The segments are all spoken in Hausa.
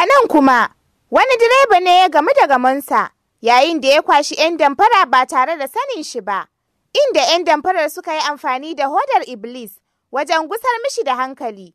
A nan kuma, wani direba ne ya gamu da gamonsa yayin da ya kwashi 'yan damfara ba tare da sanin shi ba, inda 'yan damfarar suka yi amfani da hodar Iblis wajen gusar mishi da hankali.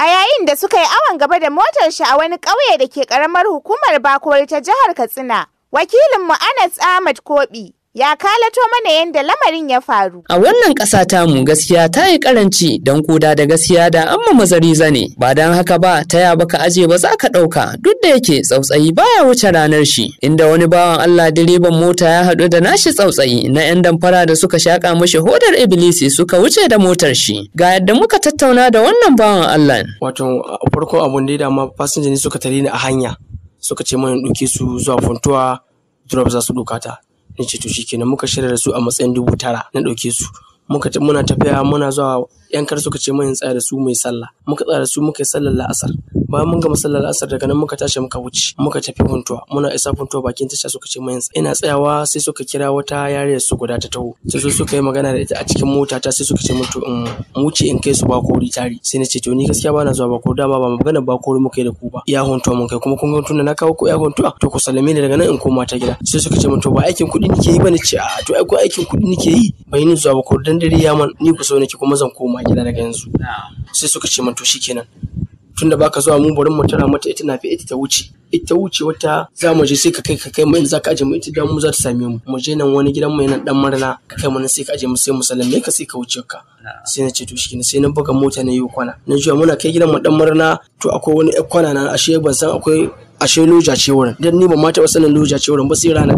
A yayin da suka yi awon gaba da motar shi a wani ƙauye da ke ƙaramar hukumar Bakori ta jihar Katsina, wakilinmu Anas Ahmad Kobi Ya kalato mana yadda lamarin ya faru. A wannan ƙasa mu, gaskiya ta yi karanci don koda da gaskiya da an ma mazari zane. Ba don haka ba ta ya baka aje ba za ka ɗauka duk da yake tsautsayi baya wuce ranar shi. Inda wani bawan Allah direban mota ya haɗu da nashi tsautsayi na 'yan damfara da suka shaƙa mashi hodar Ibilisi suka wuce da motar shi. Ga yadda muka tattauna da wannan bawan Allah. Wato farko abun da dama fasinja ne suka tare ni a hanya. Suka ce mana ɗauke su zuwa funtuwa drop za su ɗauka na ce to shikenan muka shirya da su a matsayin dubu tara na ɗauke su muka muna tafiya muna zuwa yan kar suka ce mun tsaya da su mai sallah muka tsaya da su muka yi sallar la'asar bayan mun gama sallar asar daga nan muka tashi muka wuce muka tafi huntuwa, muna isa huntuwa bakin tasha suka ce mun ina tsayawa sai suka kira wata yare su guda ta taho sai su suka yi magana da ita a cikin mota ta sai suka ce mun to in wuce in kai su bakori tari sai na ce to ni gaskiya bana zuwa bakori dama ba magana bakori muka yi da ku ba Ya huntuwa mun kai kuma kun ga tunda na kawo ku ya huntuwa to ku sallame ni daga nan in koma ta gida sai suka ce mun to ba aikin kuɗi nake yi ba ce a to ai ko aikin kuɗi nake yi bai ni zuwa bakori dan dare ya man ni ku so nake kuma zan koma gida daga yanzu sai suka ce mun to shikenan tunda baka zuwa mu barin mu tara mata ita na fi ita ta wuce ita wuce wata za mu je sai ka kai ka kai mu inda za ka aje mu ita da mu za ta same mu mu je nan wani gidan mu yana dan marna ka kai mu nan sai ka aje mu sai mu sallame ka sai ka wuce ka sai na ce to shikenan sai na buga mota na yi kwana na ji muna kai gidan mu dan marna to akwai wani ƴan kwana na ashe ban san akwai ashe loja ce wurin dan ni ba ma taɓa sanin loja ce wurin ba sai rana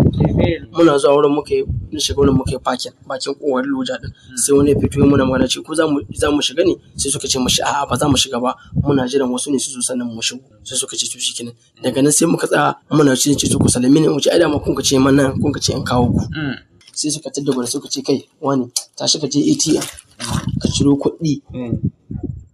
muna zuwa wurin muka yi shiga wurin muka yi bakin kowar loja din sai wani ya fito ya muna magana ce ko za mu shiga ne sai suka ce mushi a'a ba za mu shiga ba muna jiran wasu ne su zo sannan mu shigo sai suka ce to shikenan daga nan sai muka tsaya muna ce ce ku salami ne wuce ce ai da ma kun ka ce nan kun ka ce in kawo ku mm. sai suka da gwada suka ce kai wani tashi ka je ATM ka ciro kuɗi mm.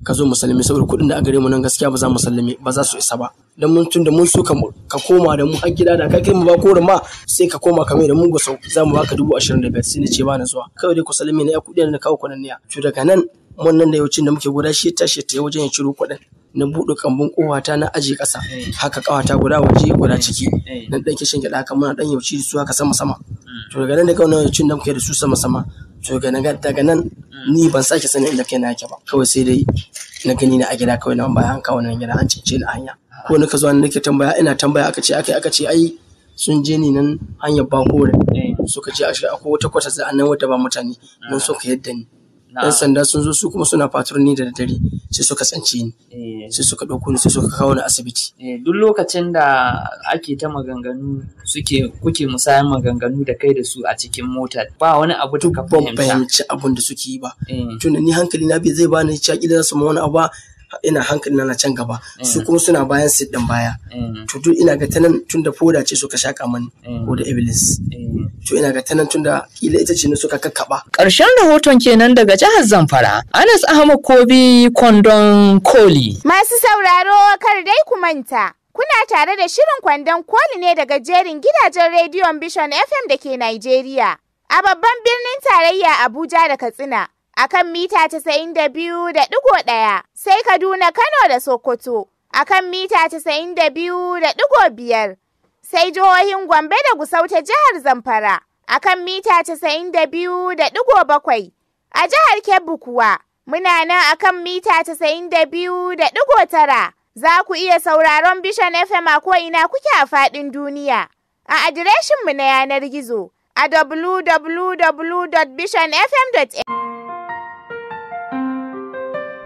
ka zo mu sallame saboda kuɗin da a gare mu nan gaskiya ba za mu sallame ba za su isa ba dan mun tun da mun so ka koma da mu har gida da ka kai mu ba korin ma sai ka koma ka mai da mun gusau za mu baka dubu ashirin da biyar sai ni ce ba na zuwa kawai dai ku salami na ya kuɗi na kawo kwanan niya to daga nan mun nan da yaucin da muke guda shi ta shi ta wajen ya ciro kuɗin na buɗe kambun kowata na aje ƙasa eh. haka ƙawata guda waje guda eh. ciki eh. na ɗan kishin gyaɗa haka muna ɗan yauci su haka sama sama hmm. to daga nan da kawai na da muke da su sama sama to daga nan hmm. ni ban sake sanin inda kai na yake ba kawai sai dai na gani na a gida kawai na ban bayan kawo na gida an cince ni hanya ko naka zuwa nake tambaya ina tambaya aka ce aka aka ce ai sun je ni nan hanyar bakore eh. suka ce ashe akwai wata kwata za a nan wata ba mutane mun ah. suka yadda ni Ɗan sanda sun zo su kuma suna fatur ni da dare sai suka tsance ni eh. sai suka ɗauko ni sai suka kawo ni asibiti eh, duk lokacin da ake ta maganganu suke kuke musayar maganganu da kai da su a cikin mota ba wani abu da ka fahimta ban fahimci abun da suke yi ba tunda ni hankali na bai zai bani cakida da su ma wani abu ba ina hankali na can gaba su mm. kuma suna bayan sit din baya mm. to duk ina ga tanan tun foda ce suka shaka mani mm. ko da iblis to ina ga tanan tun da kila ita ce ne suka kakkaba karshen rahoton kenan daga jihar Zamfara Anas Ahmad Kobi Kondon Koli masu sauraro kar dai ku manta Kuna tare da shirin kwandon koli ne daga jerin gidajen rediyon Bishon FM da ke Najeriya, a babban birnin tarayya Abuja da Katsina. akan mita da ɗigo ɗaya, sai Kaduna Kano da Sokoto akan mita da ɗigo biyar, sai jihohin Gombe da Gusau ta jihar Zamfara akan mita da ɗigo bakwai, a jihar Kebbi kuwa muna nan akan mita da ɗigo tara, za ku iya sauraron Bishan FM a ko ina kuke a faɗin duniya. A adireshinmu na yanar gizo a www.bishanfm.com.